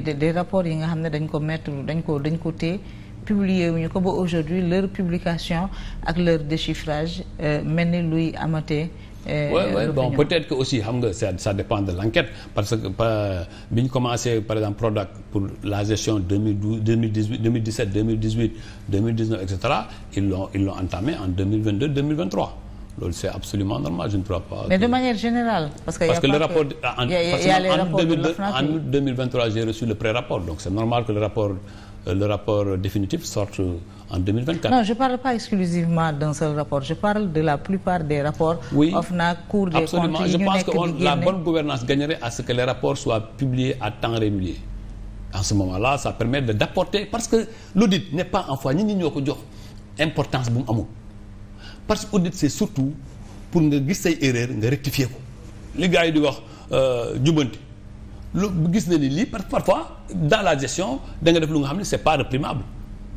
des des rapports yi nga xam ne dañ ko mettre dañ ko dañ ko téye publier wuñu ko ba aujourd'hui leur publication ak leur déchiffrage euh, mel ni luy amatee euh, ouais, ouais, bon être que aussi xam nga ça dépend de l'enquête parce que bi ñu commencé par exemple Prodac pour la gestion 2012 2018 2017 2018 2019 et en loolu c' est absolument normal je ne crois pas. mais de manière générale. parce que, parce que le rapport que... en y a, y a, y a en, en, 2002, en 2023 j'ai reçu le pré donc c' normal que le rapport euh, définitif sorte euh, en non je parle pas exclusivement d'un seul rapport je parle la plupart des rapports. oui que on, la bonne gouvernance gagnerait à ce que les rapports soient publiés à temps régulier. en ce moment-là ça permet d'apporter parce que l'audit n'est pas en foi ñi ñoo ko jox importance bu mu amul. parce que audit c'est surtout pour nga gis say erreur nga rectifier ko li gars yi di wax euh, jubbanti lu gis na ni lii parce que parfois dans la gestion da def lu nga xam ne c'est pas réprimable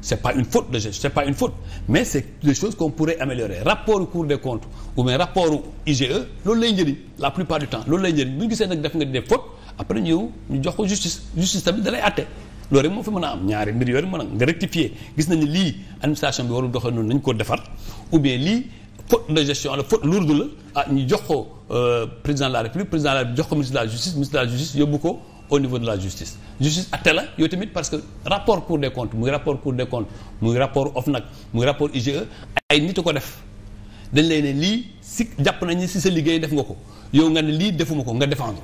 c'est pas une faute de gestion c'est pas une faute mais c'est des choses qu'on pourrait améliorer rapport Cour des comptes ou bien rapport IGE loolu lay njëriñ la plupart du temps loolu lay njëriñ bu ñu gisee nag def nga di def faute après ñëw ñu jox ko justice loolu rek moo fi mën a am ñaari mbir yooyu mën a nga rectifier gis nañu lii administration bi warul doxal noonu nañ ko defar ou bien lii faute de gestion la faute lourde la ah ñu jox ko euh, président de la république président de la république jox ko ministre de la justice ministre la justice yóbbu ko au niveau de la justice justice atte la yooyu tamit parce que rapport cour des comptes muy rapport cour des comptes muy rapport OFNAC muy rapport IGE ay nit a ko def dañ lay ne lii si jàpp nañu si sa liggéey def nga ko yow nga ne lii defuma ko nga défendre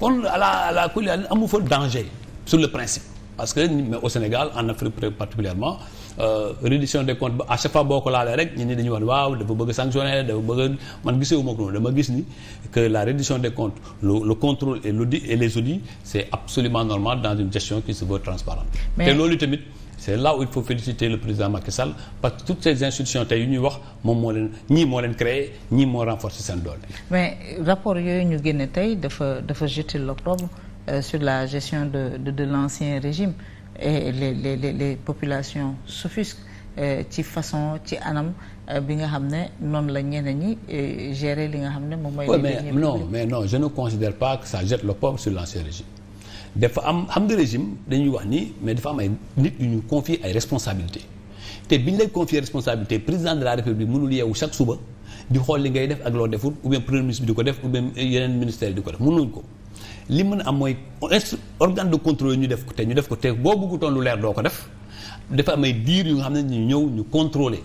kon à la à la amul fa danger sur le principe parce que mais au Sénégal en Afrique particulièrement euh, réduction des comptes ba à chaque fois boo ko laalee rek ñi ni dañu wax waaw dafa bëgg sanctionner dafa bëgg man gisee ko dama gis ni que la réduction des comptes le le contrôle et l'audit et les audits c'est absolument normal dans une gestion qui se veut transparente te loolu tamit c'est là il faut féliciter le président Macky parce que toutes ces institutions tey yu ñuy wax moom Euh, sur la gestion de de, de l'ancien régime et les les les, les populations s'offusquent euh, ci façon ci anam euh, bi nga xam ne noonu la ñeneen ñi gérer li nga xam ne moom mooy. mais non mais non je ne considère pas que ça jette le pauvre sur l'ancien régime. dafa am xam nga régime dañuy wax ni mais dafa am ay nit ñu confier ay responsabilité te biñ lay confier responsabilité président de la république mënul yeewu chaque suba di xool li ngay def ak loo defut ou bien premier ministre bi di ko def ou bien yeneen ministère di ko def mënuñ ko. li mën a am mooy organe de contrôle ñu def ko te ñu def ko te boo bëggutoon lu leer doo ko def dafa am ay diir yu nga xam ne ñu ñëw ñu contrôler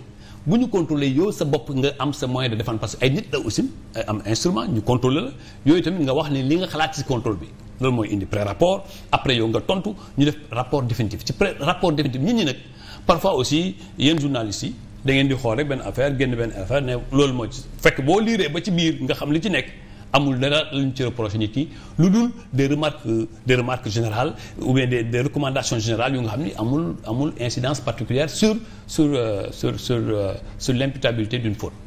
bu ñu contrôler yow sa bopp nga am sa moyen de défense parce que ay nit la aussi am instrument ñu contrôler la yooyu tamit nga wax ne li nga xalaat ci contrôle bi loolu mooy indi pré rapport après yow nga tontu ñu def rapport définitif ci pré rapport définitif nit ñi nag parfois aussi yenn journalistes yi da di xool rek benn affaire génn benn affaire loolu moo ci fekk boo liiree ba ci biir nga xam li ci nekk amul dara luñ ci reproché nit ki lu dul des remarques des remarques générales ou bien des des recommandations générales yu nga xam ni amul amul incidence particulière sur sur euh, sur sur euh, sur l'imputabilité d'une faute